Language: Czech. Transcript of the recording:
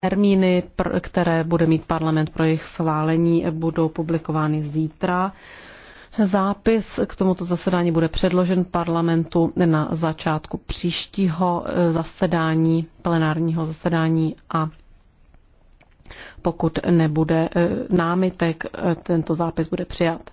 Termíny, které bude mít parlament pro jejich schválení, budou publikovány zítra. Zápis k tomuto zasedání bude předložen parlamentu na začátku příštího eh, zasedání, plenárního zasedání a pokud nebude eh, námitek, eh, tento zápis bude přijat.